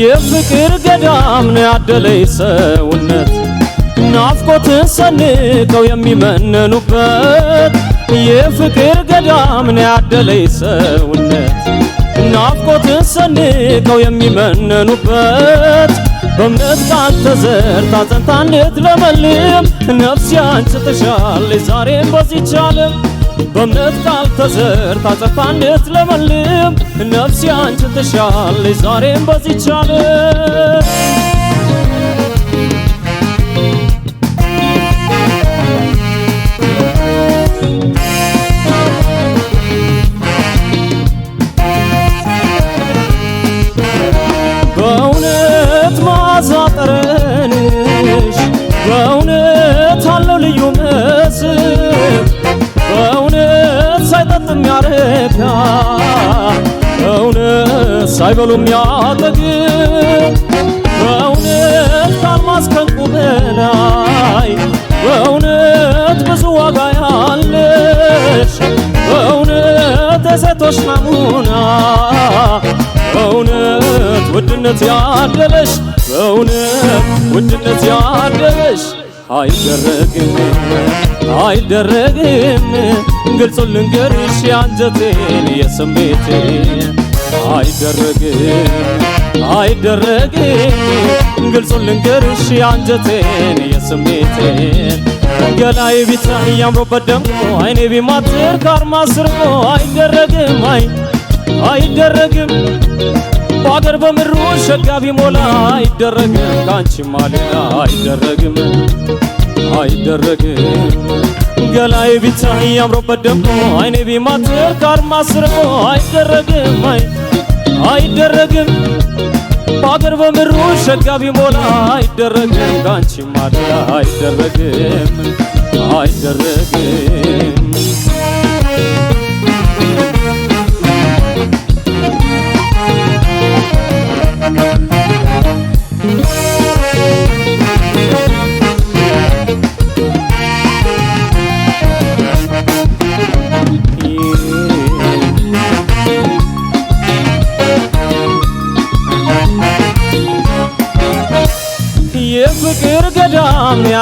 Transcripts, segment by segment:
የፍቅር ገዳም ነው ያደለይ ሰውነት ናፍቆትን ሰንቀው የሚመነኑበት የፍቅር ገዳም ነው ያደለይ ሰውነት ናፍቆትን ሰንቀው የሚመነኑበት በእምነት ቃል ተዘርታ ጸንታ እንድትለመልም ነፍስ ያንቺ ትሻለች ዛሬም በዚህች ዓለም በእምነት ቃል ተዘርታ ጸንታ እንድትለመልም ነፍስ ያንቺ ትሻለች ዛሬም በዚህች ዓለም ሳይበሉ የሚያጠግብ በእውነት አልማዝ ከዕንቁ በላይ በእውነት ብዙ ዋጋ ያለሽ በእውነት የሴቶች ናሙና በእውነት ውድነት ያደለሽ በእውነት ውድነት ያደለሽ አይደረግም አይደረግም ግልጹ ልንገርሽ ያንጀቴን የስሜቴ አይደረግም አይደረግም ግልጹን ልንገርሽ የአንጀቴን የስሜቴን ገላይ ቢታይ እያምሮበት ደምቆ አይኔ ቢማትር ካርማ ስርቆ አይደረግም አይ አይደረግም በአገር በምድሩ ሸጋ ቢሞላ አይደረግም ከአንቺማ ሌላ አይደረግም አይደረግም ገላይ ቢታይ አምሮበት ደሞ አይኔ ቢማትር ካርማ ስርቆ አይደረግም አይደረግም በአገር በምሩ ሸጋ ቢሞላ አይደረግም ጋንቺ ማዳ አይደረግም አይደረግም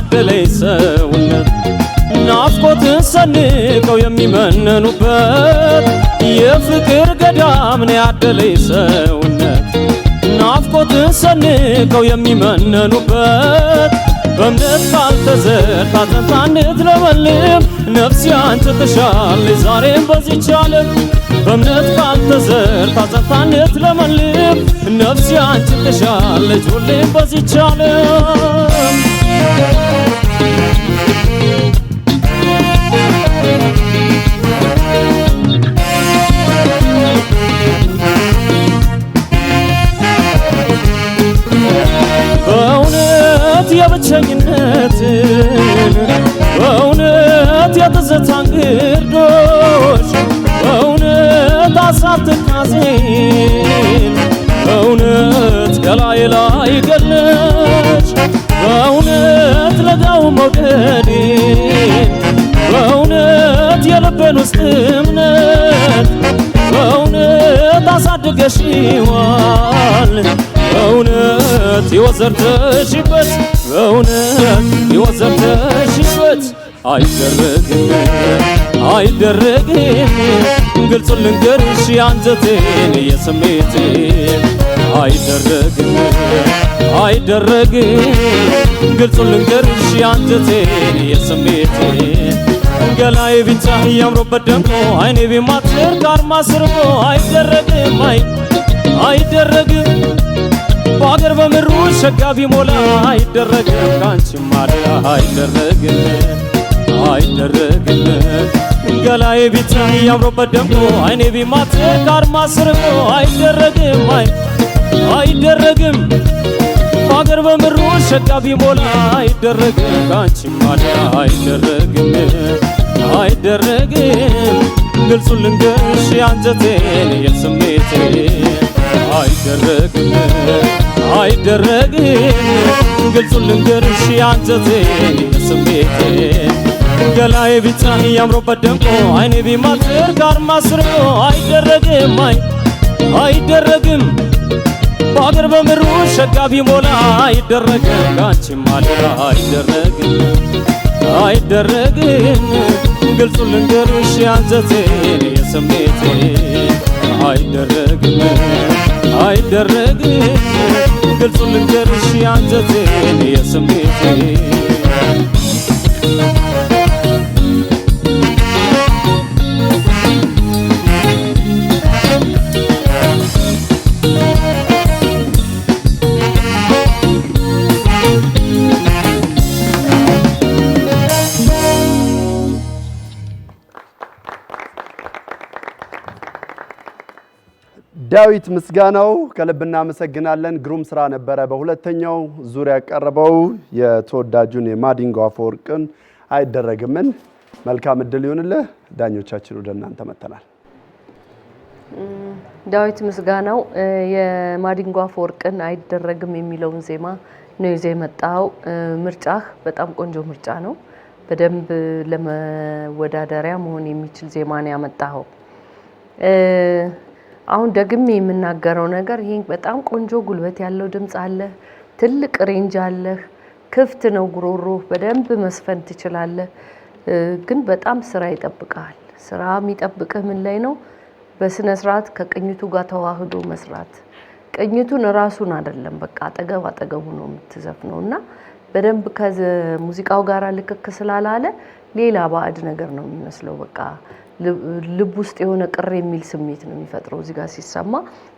ያደለይ ሰውነት ናፍቆትን ሰንቀው የሚመነኑበት የፍቅር ገዳም ነው ያደለይ ሰውነት ናፍቆትን ሰንቀው የሚመነኑበት በእምነት ባልተዘርታ ተንታ እንድትለመልም ነፍሴ አንቺ ትሻለች ዛሬም በዚህች ዓለም በእምነት ባልተዘርታ ተንታ እንድትለመልም ነፍሴ አንቺ ትሻለች ሁሌም በዚህች ዓለም ብቸኝነት በእውነት የትዝታ እንግዶች በእውነት አሳብ ትካዜን በእውነት ከላይ ላይ ገለች በእውነት ለጋው መውደዴን በእውነት የልቤን ውስጥ እምነት በእውነት አሳድገሽዋል በእውነት የወዘርተሽበት በእውነት ሕይወት ዘብተሽበት አይደረግም አይደረግም ግልጹ ልንገርሽ አንጀቴን የስሜቴ አይደረግም አይደረግም ግልጹ ልንገርሽ አንጀቴን የስሜቴ ገላዬ ቢጫ እያምሮበት ደምቆ አይኔ ቢማትር ጋር ማስርቦ አይደረግም አይደረግም በአገር በምሩ ሸጋ ቢሞላ አይደረግም ካንቺ ማዳ አይደረግም አይደረግም ገላዬ ቢታይ ያምሮበት ደምቆ አይኔ ቢማት ከአርማ ስርቆ አይደረግም አይደረግም በአገር በምሩ ሸጋ ቢሞላ አይደረግም ካንቺ ማዳ አይደረግም አይደረግም ግልጹ ልንገርሽ ያንጀቴን የስሜቴ አይደረግም አይደረግም ግልጹን ልንገርሽ አንጀቴ ስሜቴ ገላዬ ቢጫ ያምሮበት ደምቆ አይኔ ቢማዝር ጋር ማስሮ አይደረግም አይ አይደረግም በአገር በምሩ ሸጋ ቢሞላ አይደረግም ካንቺም አልጋ አይደረግም አይደረግም ግልጹን ልንገርሽ አንጀቴ ስሜቴ አይደረግም አይደረግ ግልጹ ልንገርሽ ያንጀቴን የስሜቴ ዳዊት ምስጋናው ከልብ እናመሰግናለን። ግሩም ስራ ነበረ። በሁለተኛው ዙር ያቀረበው የተወዳጁን የማዲንጎ አፈወርቅን አይደረግምን። መልካም እድል ይሁንልህ። ዳኞቻችን ወደ እናንተ መጥተናል። ዳዊት ምስጋናው የማዲንጎ አፈወርቅን አይደረግም የሚለውን ዜማ ነው ይዘህ የመጣኸው። ምርጫህ በጣም ቆንጆ ምርጫ ነው። በደንብ ለመወዳደሪያ መሆን የሚችል ዜማ ነው ያመጣኸው። አሁን ደግሜ የምናገረው ነገር ይሄን በጣም ቆንጆ ጉልበት ያለው ድምፅ አለህ፣ ትልቅ ሬንጅ አለህ፣ ክፍት ነው ጉሮሮ፣ በደንብ መስፈን ትችላለህ። ግን በጣም ስራ ይጠብቃል። ስራ የሚጠብቅህ ምን ላይ ነው? በስነ ስርዓት ከቅኝቱ ጋር ተዋህዶ መስራት። ቅኝቱን ራሱን አይደለም በቃ አጠገብ አጠገቡ ነው የምትዘፍነው እና በደንብ ከሙዚቃው ጋር ልክክ ስላላለ ሌላ ባዕድ ነገር ነው የሚመስለው በቃ ልብ ውስጥ የሆነ ቅር የሚል ስሜት ነው የሚፈጥረው እዚህ ጋር ሲሰማ።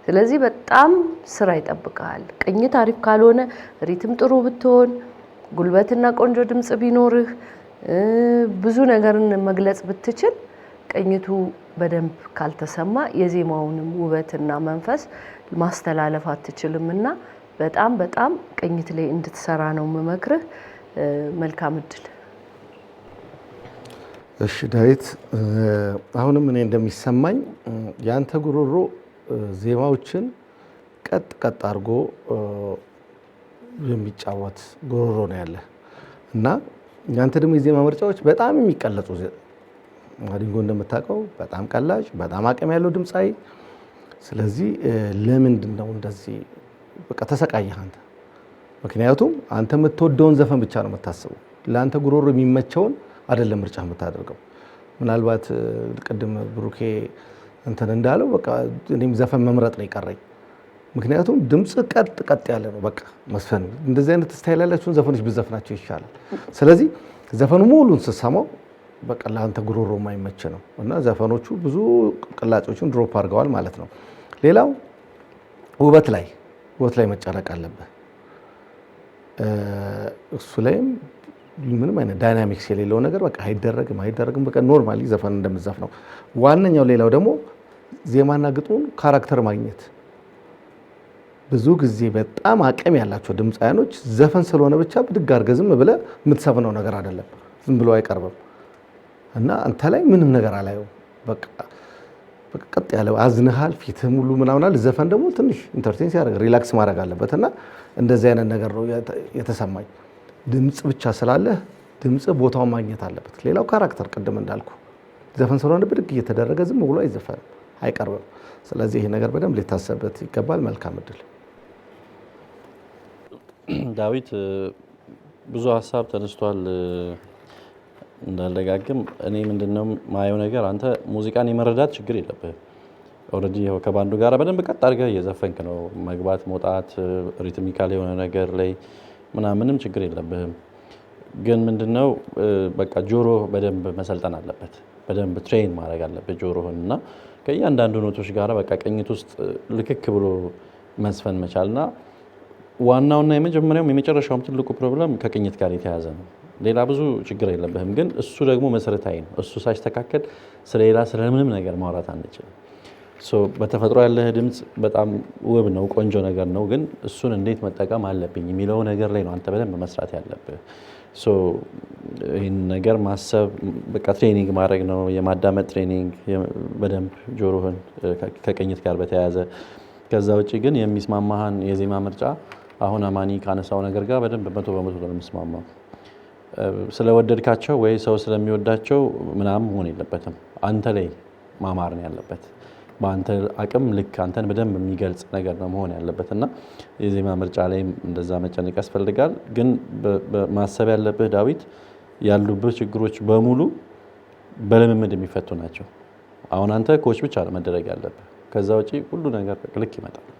ስለዚህ በጣም ስራ ይጠብቃል። ቅኝት አሪፍ ካልሆነ ሪትም ጥሩ ብትሆን፣ ጉልበትና ቆንጆ ድምፅ ቢኖርህ፣ ብዙ ነገርን መግለጽ ብትችል ቅኝቱ በደንብ ካልተሰማ የዜማውንም ውበትና መንፈስ ማስተላለፍ አትችልም እና በጣም በጣም ቅኝት ላይ እንድትሰራ ነው የምመክርህ። መልካም እድል እሺ ዳዊት፣ አሁንም እኔ እንደሚሰማኝ ያንተ ጉሮሮ ዜማዎችን ቀጥ ቀጥ አድርጎ የሚጫወት ጉሮሮ ነው ያለ እና ያንተ ደግሞ የዜማ ምርጫዎች በጣም የሚቀለጹ ማዲንጎ እንደምታውቀው በጣም ቀላጅ፣ በጣም አቅም ያለው ድምፃዊ። ስለዚህ ለምንድን ነው እንደዚህ በቃ ተሰቃየህ አንተ? ምክንያቱም አንተ የምትወደውን ዘፈን ብቻ ነው የምታስበው። ለአንተ ጉሮሮ የሚመቸውን አይደለም ምርጫ የምታደርገው። ምናልባት ቅድም ብሩኬ እንትን እንዳለው በቃ እኔም ዘፈን መምረጥ ነው የቀረኝ። ምክንያቱም ድምፅ ቀጥ ቀጥ ያለ ነው። በቃ መስፈን እንደዚህ አይነት ስታይል ያላችሁን ዘፈኖች ብዘፍናቸው ይሻላል። ስለዚህ ዘፈኑ ሙሉን ስሰማው በቃ ለአንተ ጉሮሮ የማይመች ነው እና ዘፈኖቹ ብዙ ቅላጮቹን ድሮፕ አድርገዋል ማለት ነው። ሌላው ውበት ላይ ውበት ላይ መጨረቅ አለብህ እሱ ላይም ምንም አይነት ዳይናሚክስ የሌለው ነገር በቃ አይደረግም አይደረግም። በቃ ኖርማሊ ዘፈን እንደምዛፍ ነው። ዋነኛው ሌላው ደግሞ ዜማና ግጥሙን ካራክተር ማግኘት ብዙ ጊዜ በጣም አቅም ያላቸው ድምፃያኖች ዘፈን ስለሆነ ብቻ ብድግ አድርገህ ዝም ብለህ የምትሰፍነው ነገር አይደለም፣ ዝም ብሎ አይቀርብም እና አንተ ላይ ምንም ነገር አላየው። በቃ ቀጥ ያለ አዝንሃል፣ ፊትህ ሙሉ ምናምናል። ዘፈን ደግሞ ትንሽ ኢንተርቴን ሲያደርግ ሪላክስ ማድረግ አለበት እና እንደዚህ አይነት ነገር ነው የተሰማኝ። ድምፅ ብቻ ስላለህ ድምፅ ቦታው ማግኘት አለበት። ሌላው ካራክተር፣ ቅድም እንዳልኩ ዘፈን ስለሆነ ብድግ እየተደረገ ዝም ብሎ አይዘፈንም፣ አይቀርብም። ስለዚህ ይሄ ነገር በደንብ ሊታሰብበት ይገባል። መልካም እድል። ዳዊት ብዙ ሀሳብ ተነስቷል እንዳልደጋግም እኔ ምንድነው ማየው ነገር አንተ ሙዚቃን የመረዳት ችግር የለብህም። ኦልሬዲ ከባንዱ ጋር በደንብ ቀጥ አድርገህ እየዘፈንክ ነው። መግባት መውጣት፣ ሪትሚካል የሆነ ነገር ላይ ምናምንም ችግር የለብህም። ግን ምንድነው በቃ ጆሮ በደንብ መሰልጠን አለበት። በደንብ ትሬን ማድረግ አለበት ጆሮህን እና ከእያንዳንዱ ኖቶች ጋር በቃ ቅኝት ውስጥ ልክክ ብሎ መዝፈን መቻልና ዋናውና የመጀመሪያውም የመጨረሻውም ትልቁ ፕሮብለም ከቅኝት ጋር የተያያዘ ነው። ሌላ ብዙ ችግር የለብህም፣ ግን እሱ ደግሞ መሰረታዊ ነው። እሱ ሳይስተካከል ስለሌላ ስለምንም ነገር ማውራት አንችልም። በተፈጥሮ ያለህ ድምፅ በጣም ውብ ነው፣ ቆንጆ ነገር ነው። ግን እሱን እንዴት መጠቀም አለብኝ የሚለው ነገር ላይ ነው አንተ በደንብ መስራት ያለብህ። ይህን ነገር ማሰብ በቃ ትሬኒንግ ማድረግ ነው። የማዳመጥ ትሬኒንግ በደንብ ጆሮህን ከቅኝት ጋር በተያያዘ ከዛ ውጭ ግን የሚስማማህን የዜማ ምርጫ አሁን አማኒ ካነሳው ነገር ጋር በደንብ መቶ በመቶ ነው የሚስማማው። ስለወደድካቸው ወይ ሰው ስለሚወዳቸው ምናምን መሆን የለበትም። አንተ ላይ ማማር ነው ያለበት። በአንተ አቅም ልክ አንተን በደንብ የሚገልጽ ነገር ነው መሆን ያለበት እና የዜማ ምርጫ ላይም እንደዛ መጨነቅ ያስፈልጋል። ግን ማሰብ ያለብህ ዳዊት ያሉብህ ችግሮች በሙሉ በልምምድ የሚፈቱ ናቸው። አሁን አንተ ኮች ብቻ መደረግ ያለብህ፣ ከዛ ውጪ ሁሉ ነገር ልክ ይመጣል።